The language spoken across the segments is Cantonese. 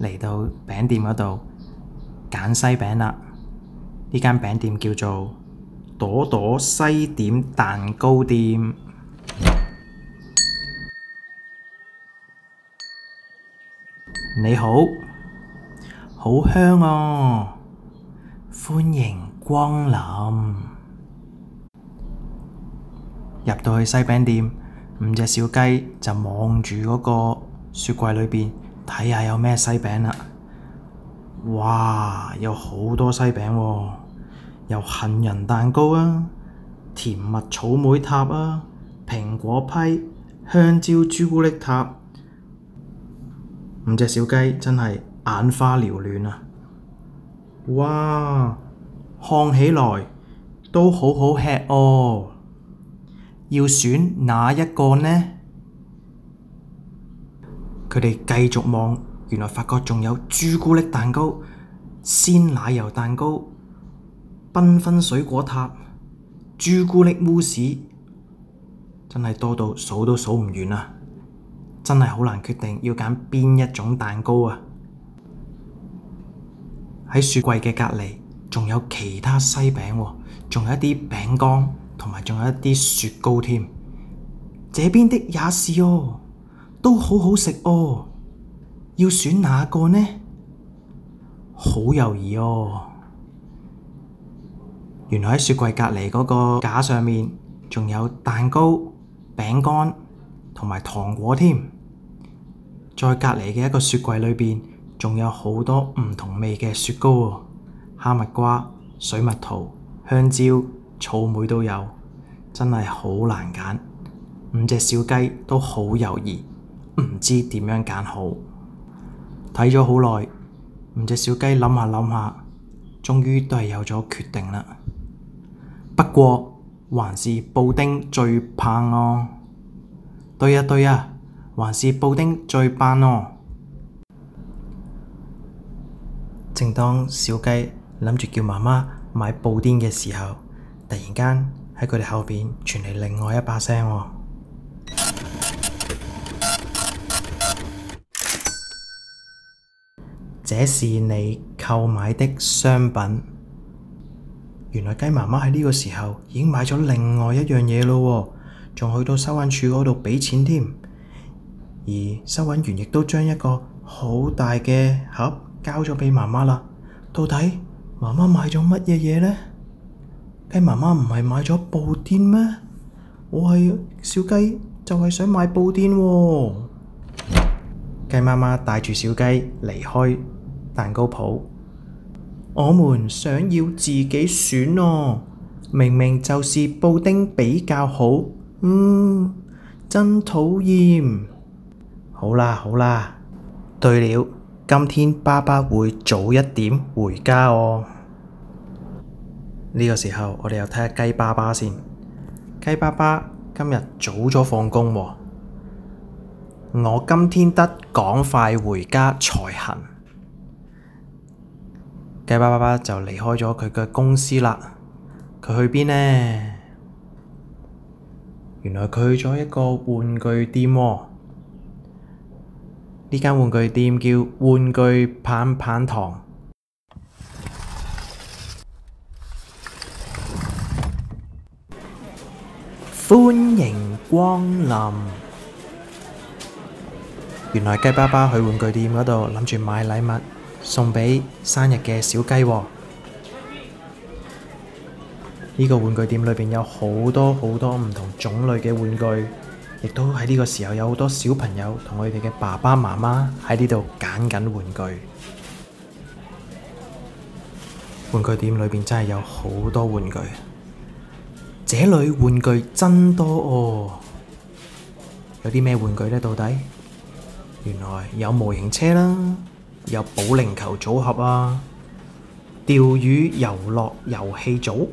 嚟到餅店嗰度揀西餅啦！呢間餅店叫做朵朵西點蛋糕店。 你好，好香哦、啊！歡迎光臨。入到去西餅店，五隻小雞就望住嗰個雪櫃裏邊。睇下有咩西餅啦、啊！哇，有好多西餅喎、啊，有杏仁蛋糕啊，甜蜜草莓塔啊，蘋果批，香蕉朱古力塔，五隻小雞真係眼花撩亂啊！哇，看起來都好好吃哦、啊，要選哪一個呢？佢哋繼續望，原來發覺仲有朱古力蛋糕、鮮奶油蛋糕、繽紛水果塔、朱古力慕斯，真係多到數都數唔完啊！真係好難決定要揀邊一種蛋糕啊！喺雪櫃嘅隔籬，仲有其他西餅喎，仲有一啲餅乾，同埋仲有一啲雪糕添。這邊的也是哦。都好好食哦，要選哪個呢？好猶豫哦。原來喺雪櫃隔籬嗰個架上面，仲有蛋糕、餅乾同埋糖果添。在隔籬嘅一個雪櫃裏邊，仲有好多唔同味嘅雪糕哦，哈密瓜、水蜜桃、香蕉、草莓都有，真係好難揀。五隻小雞都好猶豫。唔知點樣揀好，睇咗好耐，五隻小雞諗下諗下，終於都係有咗決定啦。不過還是布丁最棒哦，對呀對呀，還是布丁最棒哦、啊。對啊對啊棒啊。正當小雞諗住叫媽媽買布丁嘅時候，突然間喺佢哋後邊傳嚟另外一把聲、啊。這是你購買的商品。原來雞媽媽喺呢個時候已經買咗另外一樣嘢咯，仲去到收銀處嗰度畀錢添。而收銀員亦都將一個好大嘅盒交咗畀媽媽啦。到底媽媽買咗乜嘢嘢呢？雞媽媽唔係買咗布甸咩？我係小雞就係想買布甸，啊。雞媽媽帶住小雞離開。蛋糕鋪，我們想要自己選哦。明明就是布丁比較好，嗯，真討厭。好啦好啦，對了，今天爸爸會早一點回家哦。呢個時候，我哋又睇下雞爸爸先。雞爸爸今日早咗放工喎，我今天得趕快回家才行。雞爸爸就離開咗佢嘅公司啦。佢去邊呢？原來佢去咗一個玩具店喎、哦。呢間玩具店叫玩具棒棒糖。歡迎光臨。原來雞爸爸去玩具店嗰度諗住買禮物。送畀生日嘅小雞喎。呢個玩具店裏邊有好多好多唔同種類嘅玩具，亦都喺呢個時候有好多小朋友同佢哋嘅爸爸媽媽喺呢度揀緊玩具。玩具店裏邊真係有好多玩具，這裏玩具真多哦。有啲咩玩具呢？到底？原來有模型車啦。有保齡球組合啊，釣魚遊樂遊戲組，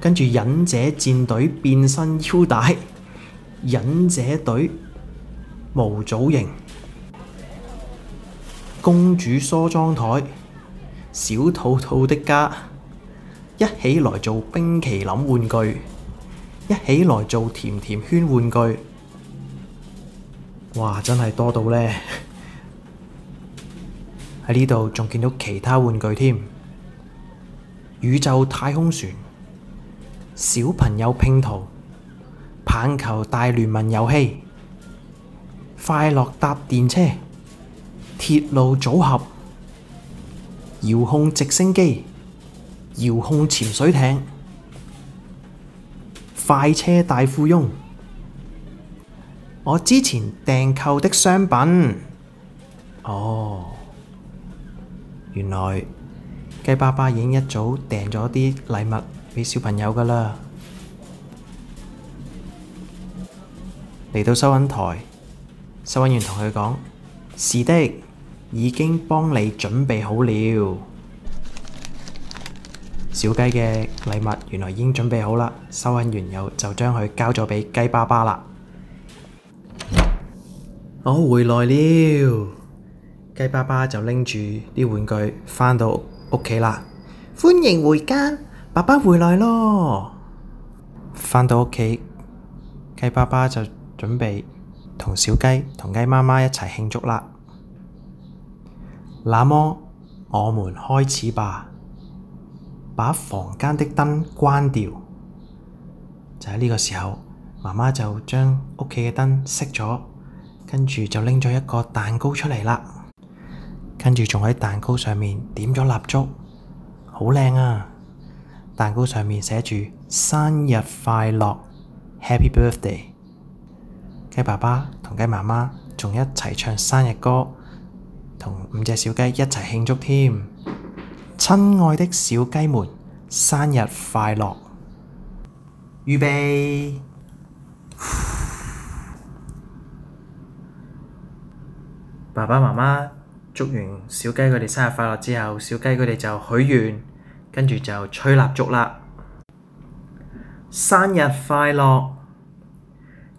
跟住忍者戰隊變身腰帶，忍者隊毛造型，公主梳妝台，小兔兔的家，一起來做冰淇淋玩具，一起來做甜甜圈玩具，哇，真係多到咧～喺呢度仲見到其他玩具添，宇宙太空船、小朋友拼圖、棒球大聯盟遊戲、快樂搭電車、鐵路組合、遙控直升機、遙控潛水艇、快車大富翁。我之前訂購的商品，哦。原來雞爸爸已經一早訂咗啲禮物畀小朋友噶啦。嚟到收銀台，收銀員同佢講：是的，已經幫你準備好了。小雞嘅禮物原來已經準備好啦。收銀員又就將佢交咗畀雞爸爸啦。我、哦、回來了。雞爸爸就拎住啲玩具返到屋企喇。歡迎回家，爸爸回來咯！返到屋企，雞爸爸就準備同小雞同雞媽媽一齊慶祝喇。那麼，我們開始吧。把房間的燈關掉。就喺呢個時候，媽媽就將屋企嘅燈熄咗，跟住就拎咗一個蛋糕出嚟喇。跟住仲喺蛋糕上面點咗蠟燭，好靚啊！蛋糕上面寫住生日快樂，Happy Birthday！雞爸爸同雞媽媽仲一齊唱生日歌，同五隻小雞一齊慶祝添。親愛的小雞們，生日快樂！預備，爸爸媽媽。祝完小雞佢哋生日快樂之後，小雞佢哋就許願，跟住就吹蠟燭啦。生日快樂！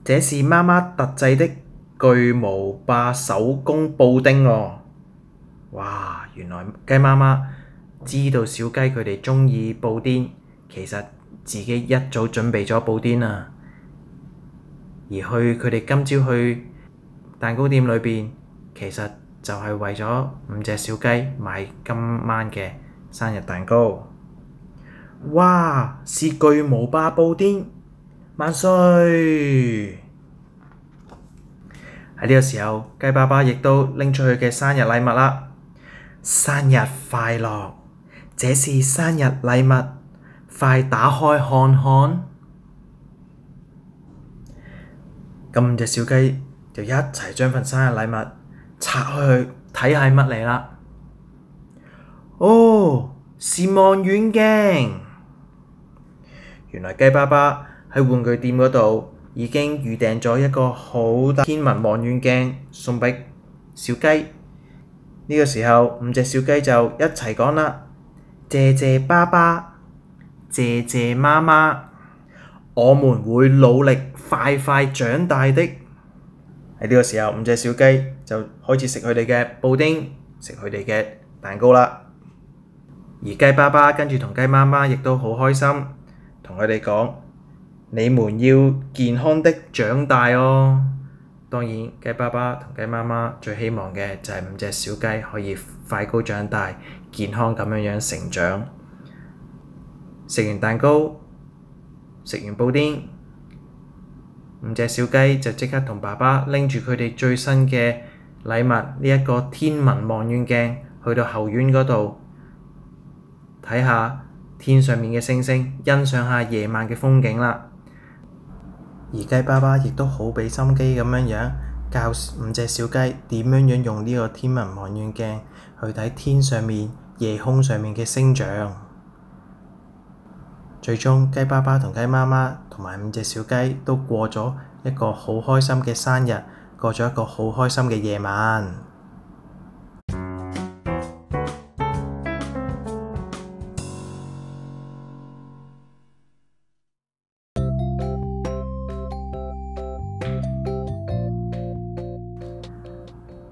這是媽媽特製的巨無霸手工布丁喎。哇！原來雞媽媽知道小雞佢哋鍾意布丁，其實自己一早準備咗布丁呀。而去佢哋今朝去蛋糕店裏邊，其實～就係為咗五隻小雞買今晚嘅生日蛋糕。哇！是巨無霸布丁，萬歲！喺呢個時候，雞爸爸亦都拎出佢嘅生日禮物啦。生日快樂！這是生日禮物，快打開看看。咁五隻小雞就一齊將份生日禮物。拆開去睇下係乜嚟啦！哦，是望遠鏡。原來雞爸爸喺玩具店嗰度已經預訂咗一個好大天文望遠鏡送畀小雞。呢個時候，五隻小雞就一齊講啦：謝謝爸爸，謝謝媽媽，我們會努力快快長大的。喺呢個時候，五隻小雞就開始食佢哋嘅布丁，食佢哋嘅蛋糕啦。而雞爸爸跟住同雞媽媽亦都好開心，同佢哋講：你們要健康的長大哦。當然，雞爸爸同雞媽媽最希望嘅就係五隻小雞可以快高長大，健康咁樣樣成長。食完蛋糕，食完布丁。五隻小雞就即刻同爸爸拎住佢哋最新嘅禮物，呢一個天文望遠鏡，去到後院嗰度睇下天上面嘅星星，欣賞下夜晚嘅風景啦。而雞爸爸亦都好畀心機咁樣樣教五隻小雞點樣樣用呢個天文望遠鏡去睇天上面夜空上面嘅星象。最終，雞爸爸同雞媽媽同埋五隻小雞都過咗一個好開心嘅生日，過咗一個好開心嘅夜晚。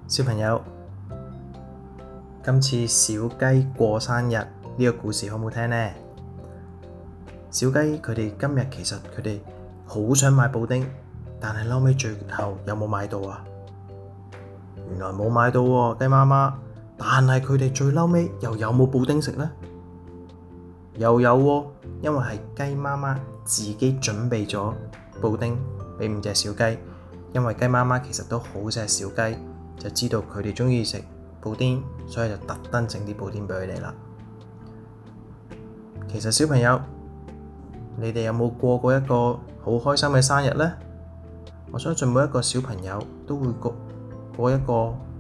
小朋友，今次小雞過生日呢個故事好唔好聽呢？小雞佢哋今日其實佢哋好想買布丁，但係撈尾最後有冇買到啊？原來冇買到喎，雞媽媽。但係佢哋最撈尾又有冇布丁食咧？又有喎，因為係雞媽媽自己準備咗布丁俾五隻小雞。因為雞媽媽其實都好錫小雞，就知道佢哋鍾意食布丁，所以就特登整啲布丁俾佢哋啦。其實小朋友。你哋有冇過過一個好開心嘅生日呢？我相信每一個小朋友都會過過一個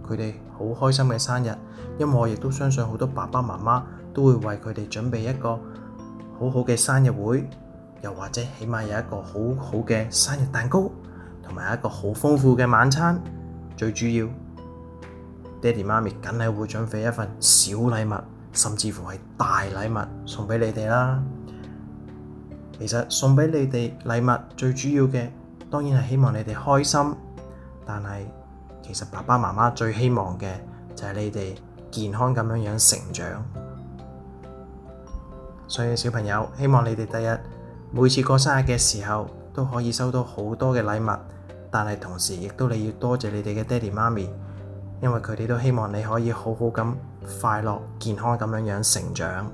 佢哋好開心嘅生日，因為我亦都相信好多爸爸媽媽都會為佢哋準備一個好好嘅生日會，又或者起碼有一個好好嘅生日蛋糕，同埋一個好豐富嘅晚餐。最主要，爹地媽咪梗係會準備一份小禮物，甚至乎係大禮物送俾你哋啦。其實送俾你哋禮物最主要嘅，當然係希望你哋開心。但係其實爸爸媽媽最希望嘅就係你哋健康咁樣樣成長。所以小朋友，希望你哋第日每次過生日嘅時候都可以收到好多嘅禮物。但係同時亦都你要多謝你哋嘅爹地媽咪，因為佢哋都希望你可以好好咁快樂、健康咁樣樣成長。